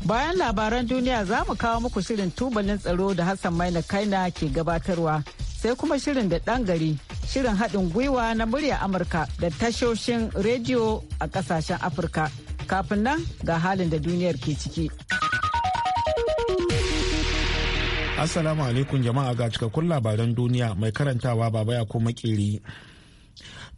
Bayan labaran duniya za mu kawo muku shirin tubalin tsaro da Hassan Maina Kaina ke gabatarwa sai kuma shirin da ɗan gari shirin haɗin gwiwa na murya Amurka da tashoshin rediyo a ƙasashen Afirka. Kafin nan ga halin da duniyar ke ciki. Assalamu alaikum jama'a ga cikakkun labaran duniya mai karantawa baba ya kuma makeri.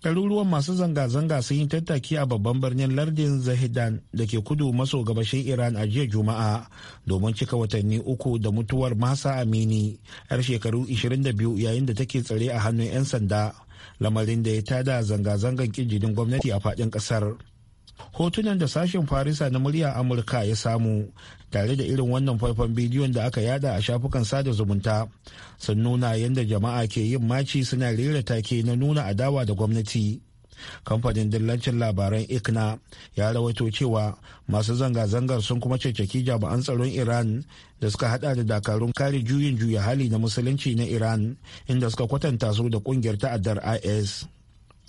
ɗaruruwan masu zanga-zanga sun yi tattaki a babban birnin lardin zahidan da ke kudu maso gabashin iran a jiya juma'a domin cika watanni uku da mutuwar masa amini yar shekaru 22 yayin da take tsare a hannun 'yan sanda lamarin da ya tada zanga-zangan kirjinin gwamnati a faɗin ƙasar hotunan da sashen farisa na murya amurka ya samu tare da irin wannan faifan bidiyon da aka yada a shafukan sada zumunta sun nuna yadda jama'a ke yin maci suna rera take na nuna adawa da gwamnati kamfanin dillancin labaran ikna ya rawaito cewa masu zanga-zangar sun kuma cecaki jami'an tsaron iran da suka hada da dakarun kare juyin juya hali na musulunci na iran inda suka kwatanta su da kungiyar ta'addar is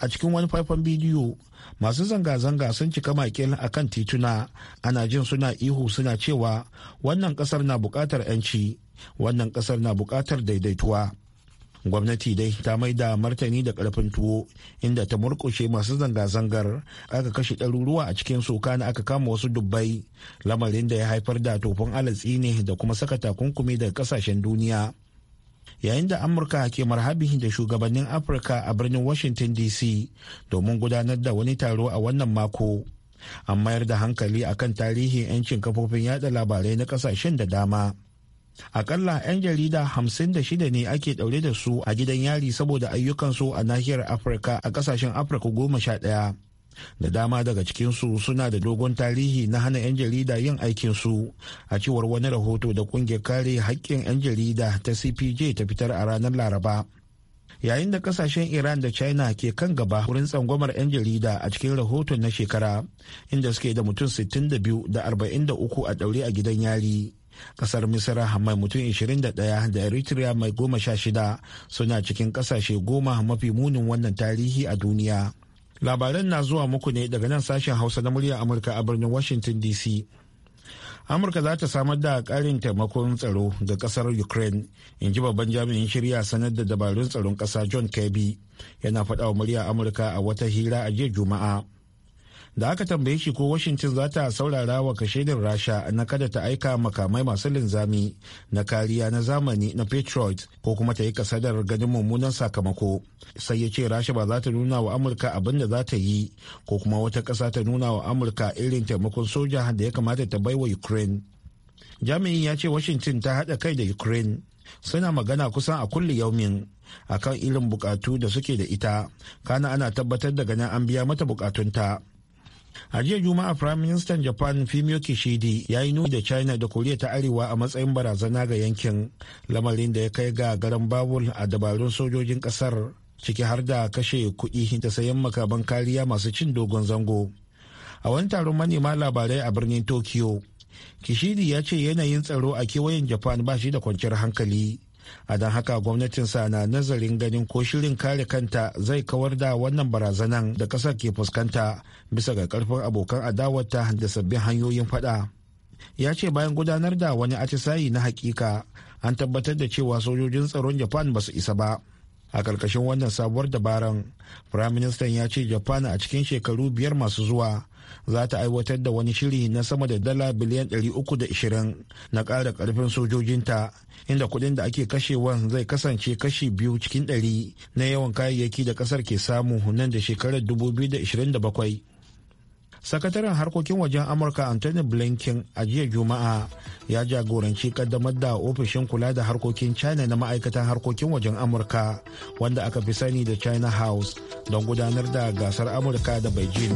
a cikin wani faifan bidiyo masu zanga-zanga sun cika makil a kan tituna ana jin suna ihu suna cewa wannan kasar na bukatar 'yanci wannan kasar na bukatar daidaituwa gwamnati dai ta mai da martani da karfin tuwo inda ta murkushe masu zanga-zangar aka kashe ɗaruruwa a cikin soka na aka kama wasu dubbai lamarin da ya haifar da tofin alatsi ne da kuma saka takunkumi daga kasashen duniya yayin da amurka ke marhabi da shugabannin afirka a birnin washington dc domin gudanar da wani taro a wannan mako an mayar da hankali akan tarihin 'yancin kafofin yada labarai na kasashen da dama akalla 'yan jarida hamsin da shida ne ake ɗaure da su a gidan yari saboda ayyukansu a nahiyar afirka a kasashen afirka goma sha ɗaya da dama daga cikinsu suna da dogon tarihi na hana 'yan jarida yin aikinsu a cewar wani rahoto da kungiyar kare haƙƙin 'yan jarida ta cpj ta fitar a ranar laraba yayin da kasashen iran da china ke kan gaba wurin tsangwamar 'yan jarida a cikin rahoton na shekara inda suke da mutum 62 da 43 a daure a gidan yari kasar misira mai mutum 21 da eritrea mai goma sha shida suna cikin kasashe goma mafi munin wannan tarihi a duniya labaran na zuwa muku ne daga nan sashen hausa na murya amurka a birnin washington dc amurka za ta samar da karin taimakon tsaro ga kasar ukraine in ji babban jami'in shirya sanar da dabarun tsaron kasa john kirby yana faɗa wa murya amurka a wata hira a jiya juma'a da aka tambaye shi ko washington za ta saurara wa kashedin rasha na kada ta aika makamai masu linzami na kariya na zamani na patriot ko kuma ta yi kasadar ganin mummunan sakamako sai ya ce rasha ba za ta nuna wa amurka abin da za ta yi ko kuma wata ƙasa ta nuna wa amurka irin taimakon soja da ya kamata ta bai wa ukraine jami'in ya ce washington ta haɗa kai da ukraine suna magana kusan a kulli yaumin akan irin bukatu da suke da ita kana ana tabbatar da ganin an biya mata bukatunta a jiya juma'a prime minister japan fimio kishidi ya yi nuni da china da koriya ta arewa a matsayin barazana ga yankin lamarin da ya kai ga garan babul a dabarun sojojin kasar ciki har da kashe kuɗi da sayan makaban kariya masu cin dogon zango a wani taron manema labarai a birnin tokyo kishidi ya ce yanayin tsaro a kewayen japan ba shi da kwanciyar hankali a don haka gwamnatinsa na nazarin ganin ko shirin kare kanta zai kawar da wannan barazanan da kasar ke fuskanta bisa ga karfin abokan adawarta da sabbin hanyoyin fada ya ce bayan gudanar da wani atisayi na hakika an tabbatar da cewa sojojin tsaron japan ba su isa ba a ƙarƙashin wannan sabuwar dabaran firaministan ya ce japan a cikin shekaru biyar masu zuwa za ta aiwatar da wani shiri na sama da dala biliyan 320 na ƙara ƙarfin sojojinta inda kuɗin da ake kashewan zai kasance kashi biyu cikin ɗari na yawan kayayyaki da ƙasar ke samu nan da shekarar 2027. sakataren harkokin wajen amurka anthony blinken a jiya juma'a ya jagoranci kaddamar da ofishin kula da harkokin china na ma'aikatan harkokin wajen amurka wanda aka fi sani da china house don gudanar da gasar amurka da beijing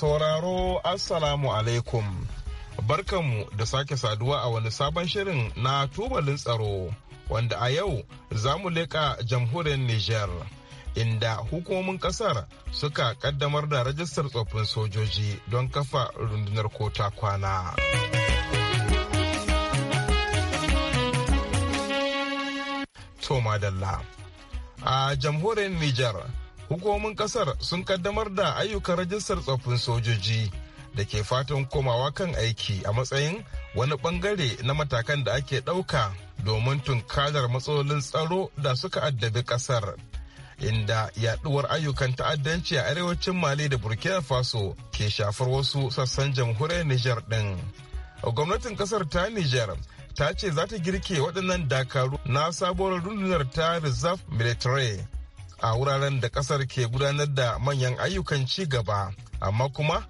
sauraro Assalamu alaikum. Barkanmu da sake saduwa a wani sabon shirin na tubalin tsaro wanda a yau za mu leƙa jamhuriyar Nijar. Inda hukumomin kasar suka kaddamar da rajistar tsoffin sojoji don kafa rundunar kota kwana. A jamhuriyar Nijar hukumomin kasar sun kaddamar da ayyukan rajistar tsoffin sojoji da ke fatan komawa kan aiki a matsayin wani bangare na matakan da ake ɗauka domin tunkarar matsalolin tsaro da suka addabi kasar inda yaduwar ayyukan ta'addanci a arewacin mali da burkina faso ke shafar wasu sassan jamhuriyar niger din gwamnatin kasar ta niger ta ce za ta girke waɗannan dakaru na sabuwar rundunar ta reserve military a wuraren da kasar ke gudanar da manyan ayyukan ci gaba amma kuma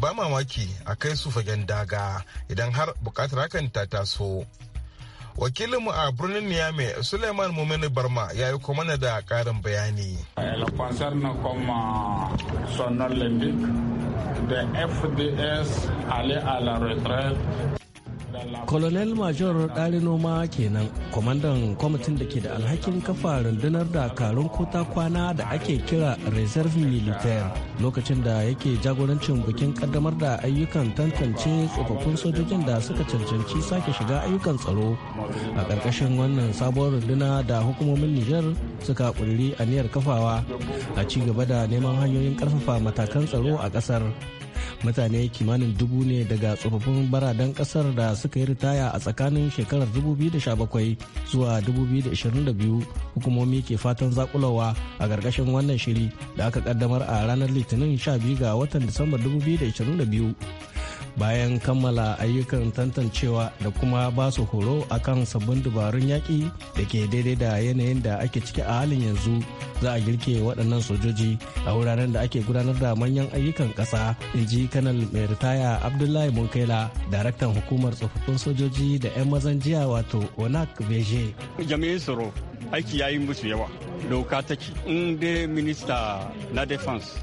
ba mamaki a kai su fagen daga idan har bukatar hakan ta taso wakilinmu a birnin niyame suleiman mumini barma ya yi kuma da karin bayani de FDS aller à la colonel major ɗari noma kenan kwamandan kwamitin da ke da alhakin kafa rundunar dakarun kota kwana da ake kira reserve militaire lokacin da yake jagorancin bikin kaddamar da ayyukan tantance tsofaffin sojojin da suka cancanci sake shiga ayyukan tsaro a ƙarƙashin wannan sabon runduna da hukumomin Nijar suka a aniyar kafawa a ci gaba da neman hanyoyin ƙarfafa matakan tsaro a ƙasar mutane kimanin dubu ne daga tsofaffin baradan kasar da suka yi ritaya a tsakanin shekarar 2017 zuwa 2022 hukumomi ke fatan zakulawa a ƙarƙashin wannan shiri da aka kaddamar a ranar litinin 12 ga watan disamba 2022 bayan kammala ayyukan tantancewa da kuma ba su horo akan sabbin dabarun yaƙi da ke daidai da yanayin da ake ciki a halin yanzu za a girke waɗannan sojoji a wuraren da ake gudanar da manyan ayyukan ƙasa in ji kanal mai ritaya abdullahi munkaila daraktan hukumar tsofaffin sojoji da 'yan mazan jiya wato onak beje aiki ya yi musu yawa doka take in dai minista na defense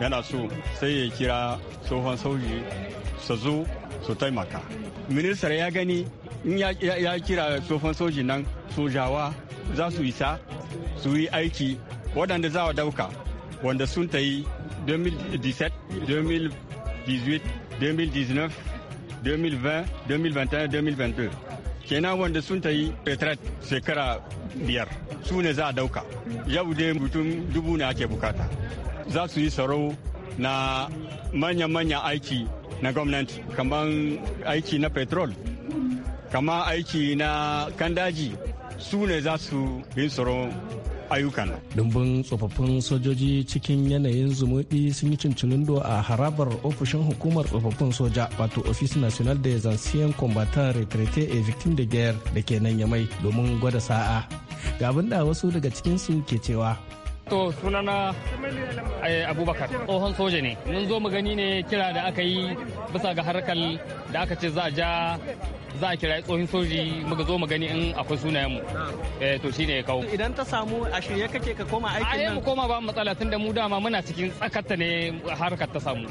yana so sai ya kira tsohon sauyi. su zo su taimaka ministar ya gani in ya kira tsofan soji nan sojawa za su isa su yi aiki waɗanda za a dauka wanda sun ta yi 2017 2018 2019 2020 2021-2022 kenan wanda sun ta yi retret shekara biyar su ne za a dauka yau dai mutum dubu ne ake bukata za su yi tsaro na manya-manya aiki na gwamnati kamar aiki na petrol kama aiki na kan daji su ne za su yi tsoro ayyukan. Dumbin tsofaffin sojoji cikin yanayin zumuɗi sun yi cincilindo a harabar ofishin hukumar tsofaffin soja wato Office National de zancien Combattants retraite et victime de Guerre da ke nan yamai domin gwada sa'a. Ga abin da wasu daga cikinsu ke cewa. To sunana eh, Abubakar tsohon soja ne. Mun zo mu gani ne kira da aka yi bisa ga harkar da aka ce za a ja za a kira tsohon soji muka zo mu gani in akwai sunayen mu eh to shine ya kawo idan ta samu a shirye kake ka koma aikin nan ai mu koma ba matsala tunda mu dama muna cikin tsakatta ne harkar ta samu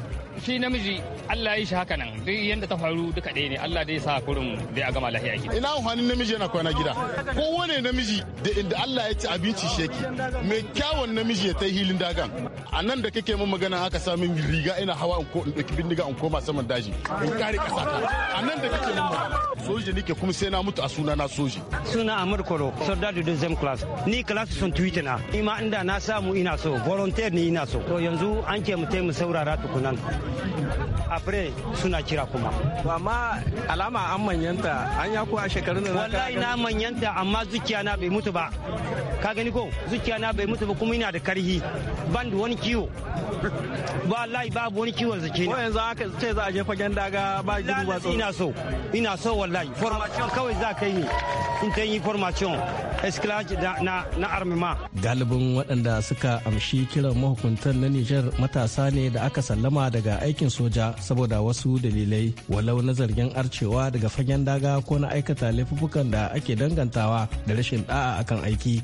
shi namiji Allah ya yi shi haka nan duk yanda ta faru duka ɗaya ne Allah dai sa kurin dai a gama lafiya ki ina amfanin namiji yana kwana gida ko wane namiji da inda Allah ya ci abinci sheki mai kyawun namiji ya tai hilin dagan a nan da kake mun magana haka min riga ina hawa in ko in ɗauki bindiga in koma saman daji in kare ƙasa a nan da kake mun magana soji nike kuma sai na mutu a suna na soji suna amur koro soldado de zem class ni class sun twitter na ima ma inda na samu ina so volunteer ni ina so to yanzu an ke mu mu saurara tukunan apre suna kira kuma to amma alama an manyanta an ya kuwa shekarun da wallahi na manyanta amma zuciya na bai mutu ba ka gani ko zuciya na bai mutu ba kuma ina da karhi ban da wani kiwo wallahi babu wani kiwo zuciya ko yanzu aka ce za a je fagen daga ba gidu ba ina so ina so wallahi formation kawai za ka yi in ta yi formation esclage na armima galibin waɗanda suka amshi kiran mahukuntar na Nijar matasa ne da aka sallama daga aikin soja saboda wasu dalilai walau na zargin arcewa daga fagen daga ko na aikata laifukan da ake dangantawa da rashin da'a akan aiki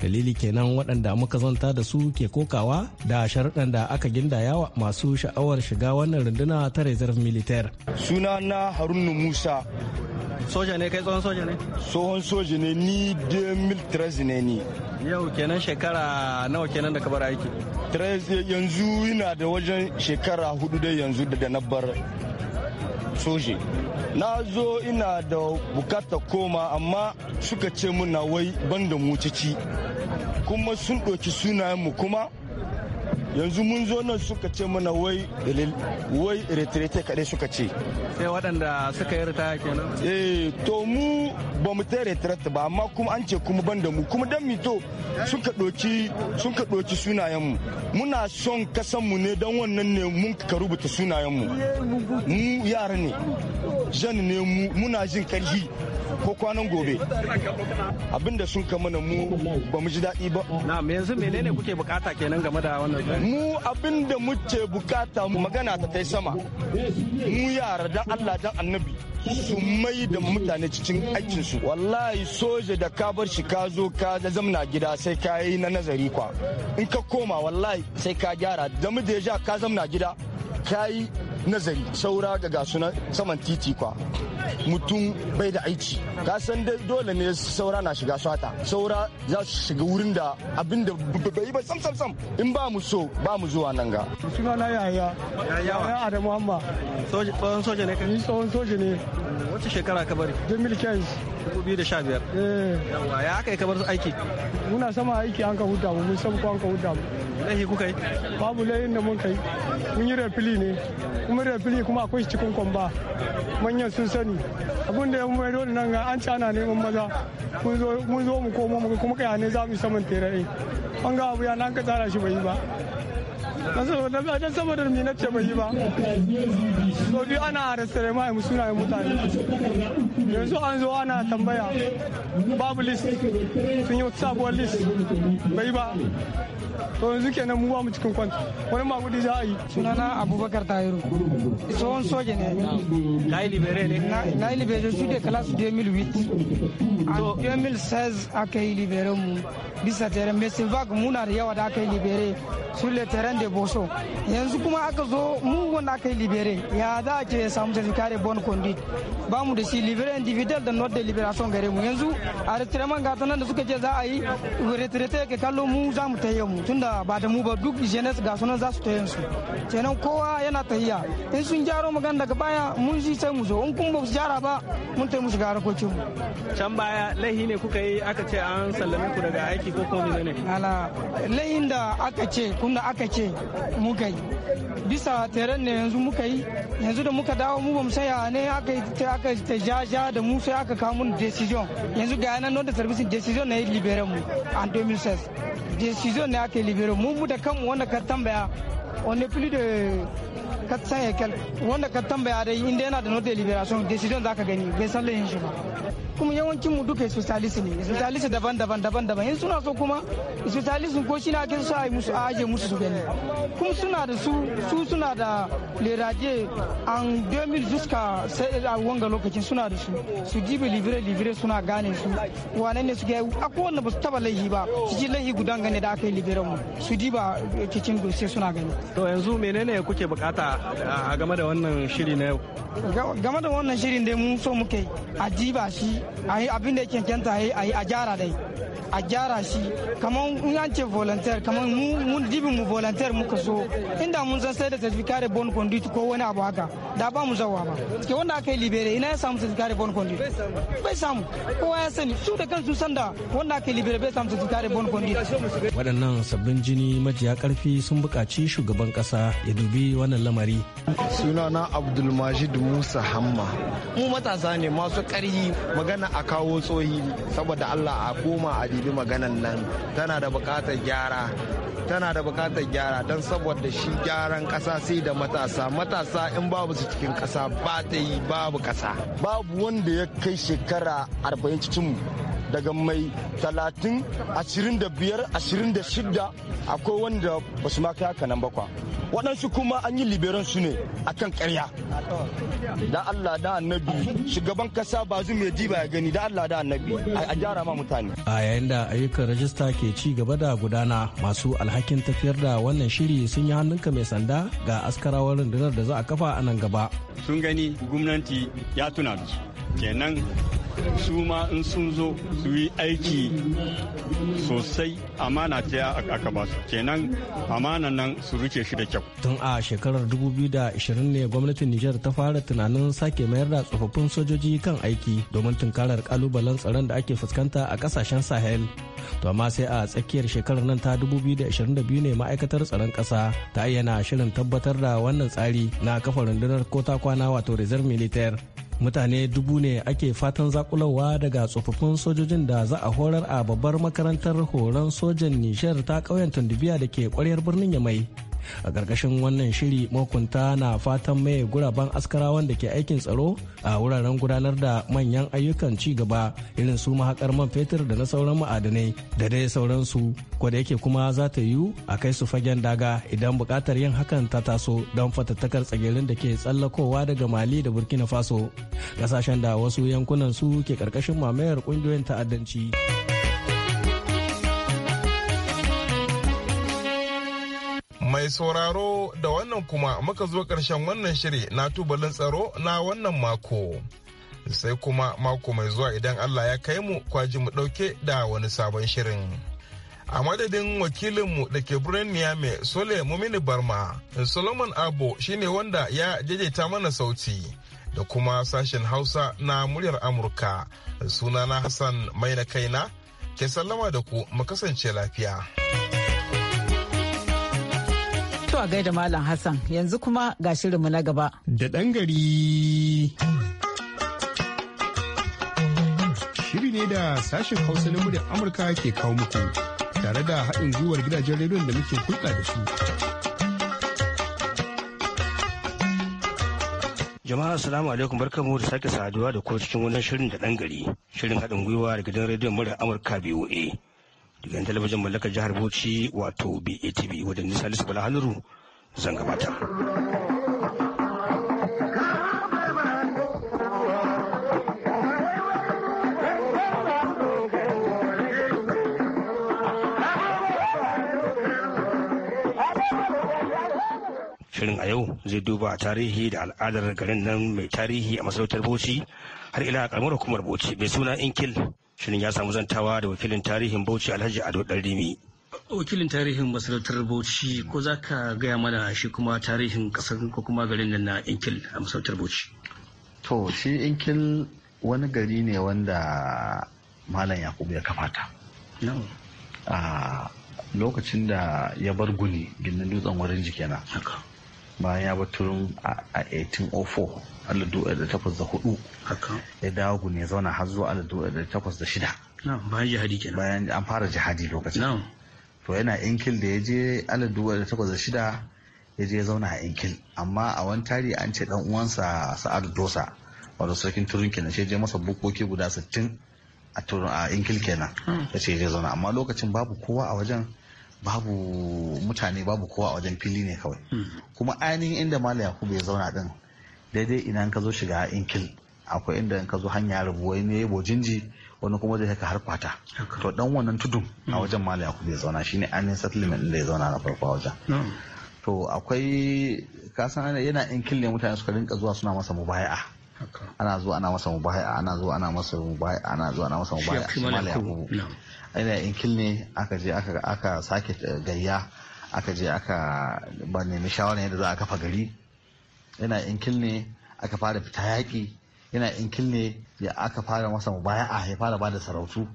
dalili kenan waɗanda muka zanta da su ke kokawa da sharaɗan da aka gindayawa masu sha'awar shiga wannan runduna ta reserve militaire suna na haruna musa soja ne kai tsohon soja ne tsohon soja ne ni 2013 ne ni yau kenan shekara nawa kenan da ka bar aiki yanzu yana da wajen shekara hudu dai yanzu da na bar soje na zo ina da bukata koma amma suka ce muna wai banda mu kuma sun ɗauki sunayenmu kuma yanzu mun zo nan suka ce mana wai dalil wai retirete kaɗai suka ce sai waɗanda suka yi ritaya kenan eh to mu ba mu tare retirete ba amma kuma an ce kuma ban da mu kuma dan mito suka doki suka doki sunayen mu muna son kasan mu ne dan wannan ne mun ka rubuta sunayen mu mu yara ne jan ne mu muna jin karhi ko kwanan gobe abinda sun ka mana mu ba mu ji daɗi ba na yanzu menene kuke bukata kenan game da wannan mu abinda muke bukata magana ta tai sama mu yara dan Allah dan annabi su mai da mutane cikin aikinsu wallahi soja da ka bar shi ka zo ka zamna gida sai ka yi na nazari kwa in ka koma wallahi sai ka gyara da mu da ya ka zamna gida ka yi nazari saura ga gasunan saman titi kwa mutum bai da aiki ka san dole ne saura na shiga swata saura za su shiga wurin da abin da bai ba sam sam sam in ba mu so ba mu zuwa nan ga suna na yaya yaya adamu hamba tsohon soja ne kan tsohon soja ne wace shekara ka bari 2015 2015 yawa ya kai kamar su aiki muna sama aiki an ka huta mu mun san ko an ka huta mu lahi kuka yi babu laihin da mun kai mun yi refili ne kuma refili kuma akwai cikin kwamba manyan sun sani abin da ya mai dole nan ga an cana ne mun maza mun zo mu komo kuma kai ne za mu yi saman tere an ga abu ya nan ka tsara shi bai yi ba don saboda mi na ce bai yi ba so biyu ana rastare ma mu ya mutane yanzu an zo ana tambaya babu list sun yi sabuwar list bai ba to yanzu kenan mu ba mu cikin kwanta wani magudi za a yi sunana abubakar tahiru tsohon soja ne na yi libere ne na yi libere su da class 2008 a 2016 aka yi libere mu bisa teren mai silvag muna da yawa da aka yi libere su le teren de boso yanzu kuma aka zo mu wanda aka yi libere ya za a ce ya samu certificate bon condit ba mu da shi libere individual da not de liberation gare mu yanzu a retirement gata nan da suka ce za a yi retirete ke kallo mu za mu tayye mu tunda ba da mu ba duk jeunesse ga sunan za su tayyen su kenan kowa yana tahiya in sun gyaro magana daga baya mun ji sai mu zo in kun ba su gyara ba mun tayi mu shiga harkokin mu can baya laihi ne kuka yi aka ce an sallame ku daga aiki aiki ko kuma ne ala layin da aka ce kuma aka ce muka yi bisa teren ne yanzu muka yi yanzu da muka dawo mu bamu saya ne aka aka ta jaja da mu sai aka kawo mun decision yanzu ga yana nan da service decision ne libere mu an 2016 decision ne aka libere mu mu da kanmu wanda ka tambaya on est plus de ka san hekel wanda ka tambaya dai inda yana da note liberation decision zaka gani bai san lahin shi ba kuma yawancin mu duka socialist ne socialist daban-daban daban-daban in suna so kuma socialist ko shi na kin sa musu aje musu su gani kuma suna da su su suna da leraje an 2000 zuska sai a wanga lokacin suna da su su jibe libre libre suna gane su wane ne su ga akwai wanda ba su taba laihi ba su ji laihi gudan gane da aka yi libre mu su diba kicin dosiye suna gani to yanzu menene kuke bukata a game da wannan shiri na yau da wannan shirin dai mun so muke a diba shi a abin da yake kenta a yi a gyara dai a gyara shi kamar in an ce volunteer kamar mun dibin mu volunteer muka so inda mun san sai da certificate bon conduit ko wani abu haka da ba mu zawa ba ke wanda aka yi libere ina ya samu certificate bon conduit bai samu kowa ya sani su da kansu san da wanda aka yi libere bai samu certificate bon conduit waɗannan sabbin jini majiya karfi sun buƙaci shugaban ƙasa ya dubi wannan lamari sunana abdulmajid musa hamma mu matasa ne masu ƙarhi magana a kawo tsohi saboda allah a koma a dubi maganan nan tana da bukatar gyara tana da bukatar gyara don saboda shi gyaran kasa sai da matasa matasa in babu su cikin kasa ba ta yi babu kasa babu wanda ya kai shekara 40 cikin mu daga mai talatin ashirin da biyar ashirin da shida akwai wanda ba su ma haka bakwa waɗansu kuma an yi liberan su ne a kan ƙarya da allah da annabi shugaban kasa ba zu mai ba ya gani da allah da annabi a gyara ma mutane a yayin da ayyukan rajista ke ci gaba da gudana masu alhakin tafiyar da wannan shiri sun yi hannunka mai sanda ga askarawar rundunar da za a kafa a nan gaba sun gani gwamnati ya tuna da su kenan su ma in sun zo su yi aiki sosai amana ta aka ba su kenan amana nan su rike shi da kyau tun a shekarar 2020 ne gwamnatin nijar ta fara tunanin sake mayar da tsofaffin sojoji kan aiki domin tunkarar kalubalen tsaron da ake fuskanta a kasashen sahel to amma sai a tsakiyar shekarar nan ta 2022 ne ma'aikatar tsaron ƙasa ta ayyana shirin tabbatar da wannan tsari na kafa rundunar kota kwana wato reserve militaire mutane dubu ne ake fatan zakulawa daga tsofaffin sojojin da za a horar a babbar makarantar horon sojan nishar ta ƙauyen tundubiya da ke ƙwaryar birnin yamai a ƙarƙashin wannan shiri mahukunta na fatan mai guraben askarawan da ke aikin tsaro a wuraren gudanar da manyan ayyukan ci gaba irin su mahaƙar man fetur da na sauran ma'adanai da dai sauransu ko da yake kuma za ta yiwu a kai su fagen daga idan buƙatar yin hakan ta taso don fatattakar tsagerin da ke tsallakowa daga mali da burkina faso ƙasashen da wasu yankunan su ke ƙarƙashin mamayar ƙungiyoyin ta'addanci. Mai sauraro da wannan kuma muka zo ƙarshen wannan shiri na tubalin tsaro na wannan mako. Sai kuma mako mai zuwa idan Allah ya kai mu kwaji mu ɗauke da wani sabon shirin. A madadin wakilinmu da ke birnin Niamey Sole Mumini Barma, Solomon Abo shine wanda ya jajaita mana sauti da kuma sashen Hausa na muryar Amurka. Sunana Hassan mai na kaina, ke sallama da ku mu kasance lafiya. a gaida Malam Hassan yanzu kuma ga shirinmu na gaba. Da ɗan gari. Shiri ne da sashen hausa na muryar Amurka ke kawo muku tare da haɗin gwiwar gidajen rediyon da muke hulɗa da su. Jama'a salamu alaikum barkamu da sake saduwa da ko cikin wannan shirin da ɗan gari shirin haɗin gwiwa da gidan rediyon muryar Amurka BOA. daga talabijin mallakar jihar bauchi wato batv wajen nisa Salisu bala haluru zan gabata shirin a yau zai duba tarihi da al'adar garin nan mai tarihi a masarautar bauchi har ila karamar hukumar bauchi mai suna inkil Shirin ya samu zantawa da wakilin tarihin Bauchi Alhaji Ado Ɗanrimi. Wakilin tarihin masarautar Bauchi ko za ka gaya mana shi kuma tarihin ƙasar ko kuma garin nan na Inkil a masarautar Bauchi. To shi Inkil wani gari ne wanda Malam Yakubu ya kamata. A ah, lokacin da ya bar guni ginin dutsen wurin jikena. bayan ya baturin a 1804 1804 ya dawo gune zauna har zuwa 1806 bayan jihadi kenan bayan an fara jihadi lokacin to yana inkil da ya je 1806 ya je zauna a inkil amma a wani tari an ce dan uwansa sa'adu dosa wato sarkin turin kenan sai je masa bukoki guda 60 a turin a inkil kenan ya ce ya je zauna amma lokacin babu kowa a wajen babu mutane babu kowa a wajen fili ne kawai hmm. kuma ainihin inda mala yakubu ya zauna din daidai ina ka zo shiga inkil akwai inda ka zo hanya rubuwa ne bojinji wani kuma zai haka harfata to dan wannan tudun a hmm. wajen mala yakubu ya zauna shine ainihin settlement da ya zauna na farko a wajen to akwai kasan yana inkil ne mutane suka rinka zuwa suna masa mubaya'a ana zuwa ana masa mubaya'a ana zuwa ana masa mubaya'a ana zuwa ana masa mubaya'a shi malam yakubu ina in ne aka je aka sake eh, gayya aka je aka ba nemi shawarar yadda za a kafa gari ina in ne aka fara fita yaƙi ina in ne ya aka fara masa mubaya'a ya fara ba sarautu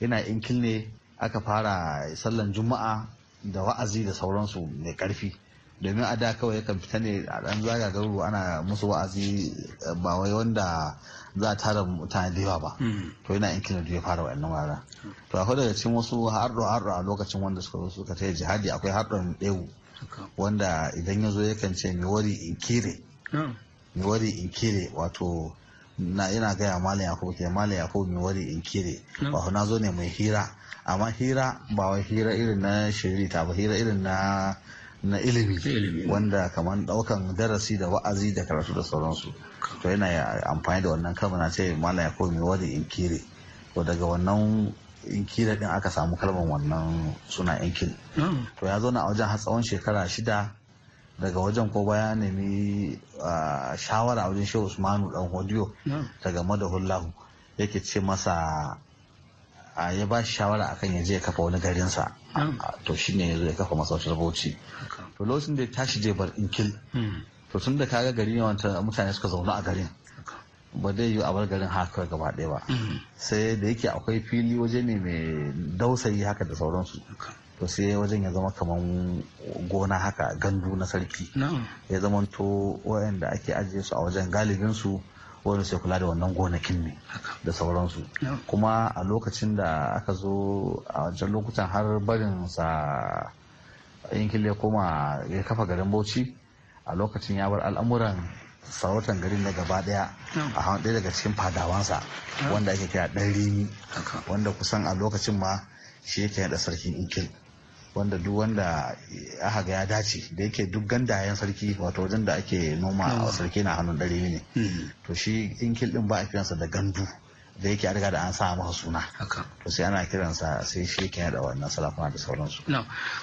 ina in ne aka fara sallan juma'a da wa'azi da sauransu mai ƙarfi domin a da kawai yakan fita ne a ɗan zaga garuru ana musu wa'azi ba wai wanda za a tara mutane da yawa ba hmm. to yana da ya fara wa'annan wara to akwai daga cikin wasu harɗo harɗo a lokacin wanda suka zo suka ta jihadi akwai harɗon ɗewu wanda idan ya zo yakan ce mi wari in kire mi hmm. wari in kire wato na ina gaya malam yakubu ke malam yakubu mi wari in kire hmm. wato na zo ne mai hira amma hira ba wai hira irin na shirita ba hira irin na na ilimi wanda kamar daukan darasi da wa'azi da karatu da sauransu to yana amfani da wannan kalma na ce malam ya komi wani inkiri to daga wannan kire din aka samu kalman wannan suna inkiri hmm. to ya zauna a wajen har tsawon shekara shida daga wajen ko baya nemi shawara a wajen shehu usmanu dan hodiyo hmm. daga madahullahu yake ce masa a ya ba shi shawara akan ya je ya kafa wani garinsa hmm. to shi ne ya zo ya kafa masautar bauchi to lokacin da ya tashi je bar inkil hmm. to tun da kaga gari ne wanta mutane suka zauna a garin ba dai yi a bar garin haka gaba ɗaya ba hmm. sai da yake akwai fili waje ne mai dausayi haka da sauransu to sai wajen ya zama kamar gona haka gandu na sarki ya zama to wayanda ake ajiye su a wajen galibin su wanda sai kula da wannan gonakin ne da sauransu kuma a lokacin da aka zo a wajen lokutan har barin sa yankin ya koma ya kafa garin bauchi a lokacin ya bar al'amuran sarautar garin na gaba daya a hawan daya daga cikin fadawansa wanda ake kira dan rimi wanda kusan a lokacin ma shi yake da sarkin inkil wanda duk wanda aka ga ya dace da yake duk gandayen sarki wato wajen da ake noma a mm. sarki na hannun dare ne mm. to shi in din ba a kiransa da gandu da yake an riga da an sa masa suna to sai ana kiransa sai shi yake da wannan salafuna da sauransu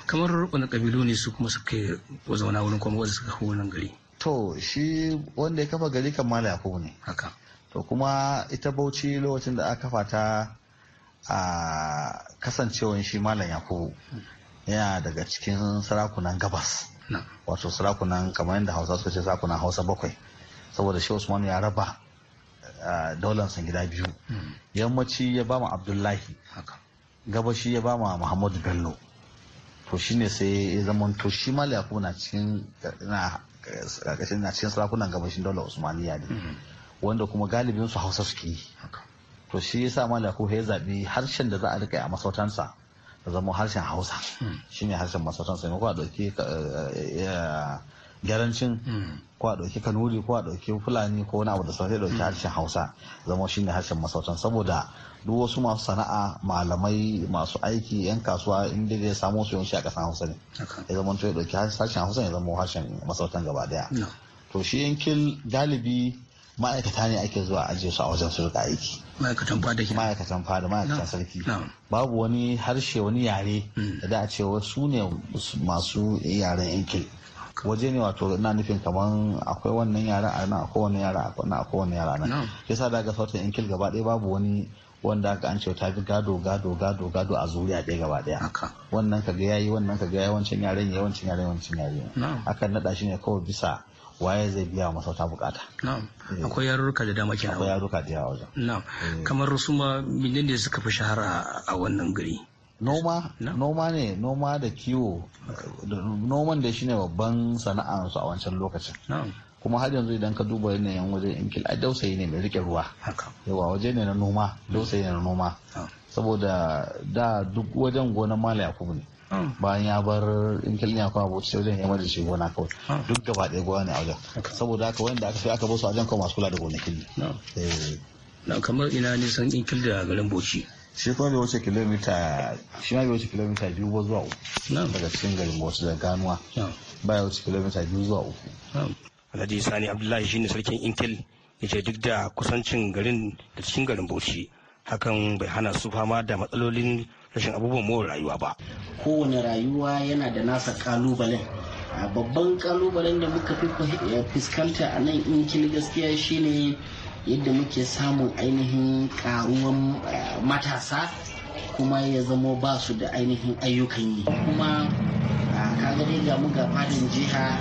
kamar wani kabilu ne su kuma suke zauna wurin kuma wanda suka wannan gari to shi wanda ya kafa gari kan mala yakubu ne haka to kuma ita bauchi lokacin da aka kafa ta a kasancewan shi malam yakubu mm. yana daga cikin sarakunan gabas wato sarakunan kamar yadda hausa suka ce sarakunan hausa bakwai saboda shi usman ya raba daularsa gida biyu hmm. yammaci ya ba abdullahi gabashi ya ba muhammadu bello to shine sai ya zama to shi ma na cikin na cikin sarakunan gabashin daular usmaniya ne hmm. wanda kuma galibin su hausa suke yi to shi yasa mali ya zabi harshen da za a rika a masautansa zama harshen hausa shine harshen masarautar sai ko a ɗauki garancin ko a ɗauki kanuri ko a ɗauki fulani ko wani abu da sauran ɗauki harshen hausa zama shine harshen masautan saboda duk wasu masu sana'a malamai masu aiki yan kasuwa inda zai samo su yawanci a ƙasar hausa ne ya zama ɗauki harshen hausa ya zama harshen masautan gaba daya to shi yankin galibi ma'aikata ne ake zuwa ajiye su a wajen su rika aiki ma'aikatan fada ke ma'aikatan fada ma'aikatan sarki babu wani harshe wani yare hmm. da da a ce su ne masu yaren yankin waje ne wato ina nufin kaman akwai wannan yaren a nan akwai wannan yara a nan akwai wannan yara a nan yasa da ga sautin yankil gaba ɗaya babu wani wanda aka an ce ta bi gado gado gado gado a zuriya ɗaya gaba ɗaya wannan kaga yayi wannan kaga yayi wancan yaren yayi wancan yaren wancan yaren akan nada shi ne kawai bisa waye zai biya wa masauta bukata eh. akwai yarurruka da dama kenan akwai yaruruka da yawa wajen na'am eh. kamar su ma menene suka fi shahara a wannan gari noma noma ne noma da kiwo noman da shine babban sana'ansu a wancan lokacin kuma har yanzu idan ka duba yanayin wajen in kila dausayi ne mai rike ruwa yawa waje ne na noma dausayi ne na noma saboda da duk wajen gona mala yakubu ne Mm. bayan ya bar in kilinya kuma bauchi wajen ya mada shi gona kawai mm. duk gaba ɗaya gona ne a wajen saboda haka wanda aka fi aka su a wajen kuma masu kula da gonakin ne mm. eh. kamar ina nisan in kil da garin bauchi shi kuma bai wuce kilomita shi ma bai wuce kilomita biyu ba zuwa uku daga cikin garin bauchi da ganuwa ba ya wuce kilomita biyu zuwa uku alhaji sani abdullahi shine sarkin inkil yace duk da kusancin garin da cikin garin bauchi hakan bai hana su fama da matsalolin rashin abubuwan more rayuwa ba kowane rayuwa yana da nasa kalubalen babban kalubalen da muka fi fuskanta a nan kini gaskiya shine yadda muke samun ainihin karuwan eh, matasa kuma ya zamo ba su da ainihin ayyukan yi kuma ka ga mu ga fadin jiha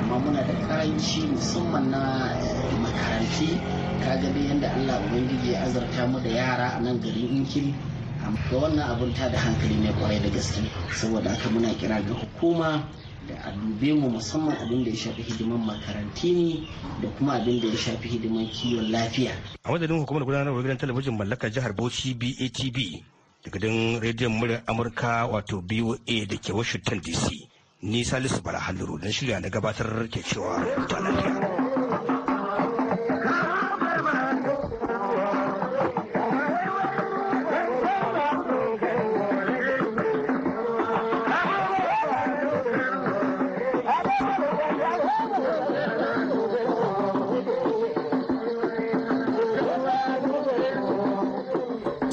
amma muna da karanci musamman na eh, makaranti kaga dai yadda allah ubangiji ya azarta mu da yara a nan garin inkin Ga wannan abin ta da hankali ne kwarai da gaske saboda aka muna kira ga hukuma da a dube mu musamman abin da ya shafi hidiman makaranti ne da kuma abin da ya shafi hidiman kiwon lafiya. A madadin hukumar gudanarwar gidan talabijin mallakar jihar Bauchi BATB daga dan rediyon muryar Amurka wato BOA da ke Washington DC. Ni Salisu Bara Halliru don shirya na gabatar ke cewa ta lafiya.